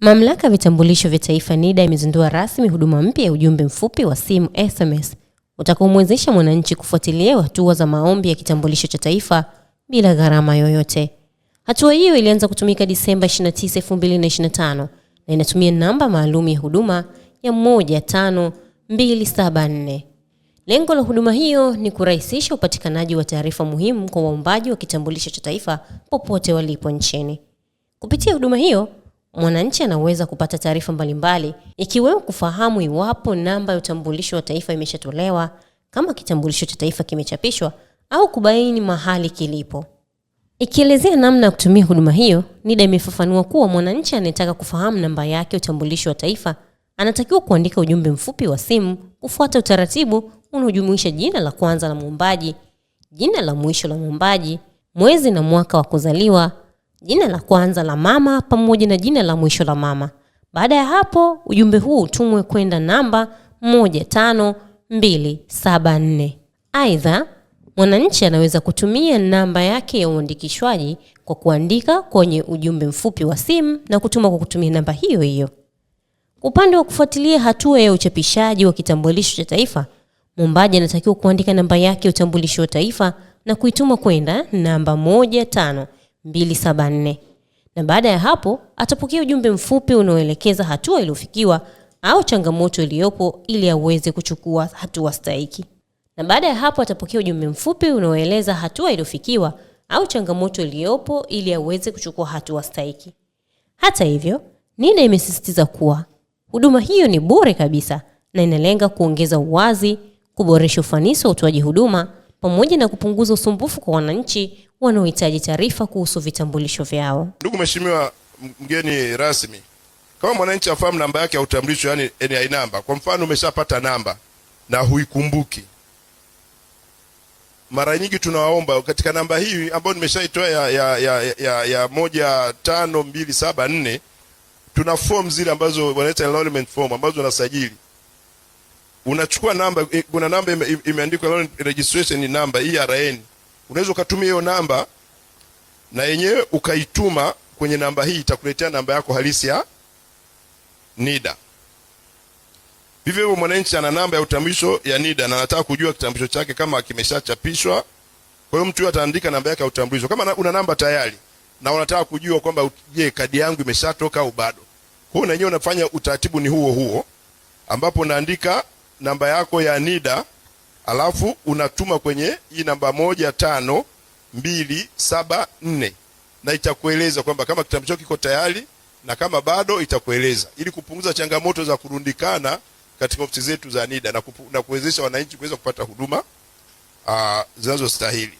Mamlaka ya Vitambulisho vya Taifa NIDA imezindua rasmi huduma mpya ya ujumbe mfupi wa simu SMS utakaomwezesha mwananchi kufuatilia hatua za maombi ya kitambulisho cha taifa bila gharama yoyote. Hatua hiyo ilianza kutumika Disemba 29, 2025 na inatumia namba maalum ya huduma ya 15274. Lengo la huduma hiyo ni kurahisisha upatikanaji wa taarifa muhimu kwa waombaji wa kitambulisho cha taifa popote walipo nchini. Kupitia huduma hiyo mwananchi anaweza kupata taarifa mbalimbali ikiwemo kufahamu iwapo namba ya utambulisho wa taifa imeshatolewa, kama kitambulisho cha taifa kimechapishwa, au kubaini mahali kilipo. Ikielezea namna ya kutumia huduma hiyo, NIDA imefafanua kuwa mwananchi anayetaka kufahamu namba yake ya utambulisho wa taifa anatakiwa kuandika ujumbe mfupi wa simu kufuata utaratibu unaojumuisha jina la kwanza la muombaji, jina la mwisho la muombaji, mwezi na mwaka wa kuzaliwa jina la kwanza la mama pamoja na jina la mwisho la mama. Baada ya hapo, ujumbe huu utumwe kwenda namba 15274. Aidha, mwananchi anaweza kutumia namba yake ya uandikishwaji kwa kuandika kwenye ujumbe mfupi wa simu na kutuma kwa kutumia namba hiyo hiyo. Upande wa kufuatilia hatua ya uchapishaji wa kitambulisho cha taifa, mumbaji anatakiwa kuandika namba yake ya utambulisho wa taifa na kuituma kwenda namba 15 274 na baada ya hapo atapokea ujumbe mfupi unaoelekeza hatua iliyofikiwa au changamoto iliyopo ili aweze kuchukua hatua stahiki. Na baada ya hapo atapokea ujumbe mfupi unaoeleza hatua iliyofikiwa au changamoto iliyopo ili aweze kuchukua hatua stahiki. Hata hivyo, Nina imesisitiza kuwa huduma hiyo ni bure kabisa na inalenga kuongeza uwazi, kuboresha ufanisi wa utoaji huduma pamoja na kupunguza usumbufu kwa wananchi wanaohitaji taarifa kuhusu vitambulisho vyao. Ndugu Mheshimiwa mgeni rasmi, kama mwananchi afahamu namba yake ya utambulisho, yani NI namba. Kwa mfano, umeshapata namba na huikumbuki, mara nyingi tunawaomba katika namba hii ambayo nimeshaitoa ya, ya, ya, ya, ya moja tano mbili saba nne tuna form zile ambazo wanaita enrollment form ambazo unasajili, unachukua namba, kuna namba imeandikwa registration number, ERN unaweza ukatumia hiyo namba na yenyewe ukaituma kwenye namba hii, itakuletea namba yako halisi ya NIDA. Vivyo hivyo, mwananchi ana namba ya utambulisho ya NIDA na anataka kujua kitambulisho chake kama kimeshachapishwa. Kwa hiyo mtu huyo ataandika namba yake ya utambulisho. Kama una namba tayari na unataka kujua kwamba je, kadi yangu imeshatoka au bado, kwa hiyo na yenyewe unafanya utaratibu ni huo huo, ambapo unaandika namba yako ya NIDA alafu unatuma kwenye hii namba moja tano mbili saba nne na itakueleza kwamba kama kitabu chako kiko tayari na kama bado itakueleza, ili kupunguza changamoto za kurundikana katika ofisi zetu za NIDA na, na kuwezesha wananchi kuweza kupata huduma zinazostahili.